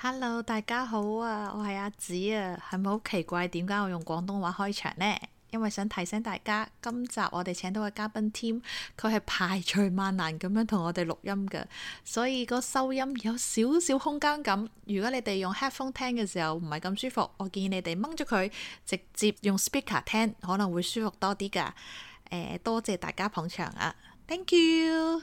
Hello，大家好啊，我係阿子啊，係咪好奇怪點解我用廣東話開場呢？因為想提醒大家，今集我哋請到嘅嘉賓 Tim，佢係排除萬難咁樣同我哋錄音噶，所以個收音有少少空間感。如果你哋用 headphone 聽嘅時候唔係咁舒服，我建議你哋掹咗佢，直接用 speaker 聽，可能會舒服多啲噶。誒、呃，多謝大家捧場啊，Thank you。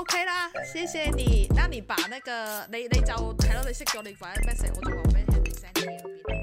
O.K. 啦，謝謝你。當你把那個你你就睇到你識咗，你快 message 我，就我俾你 send。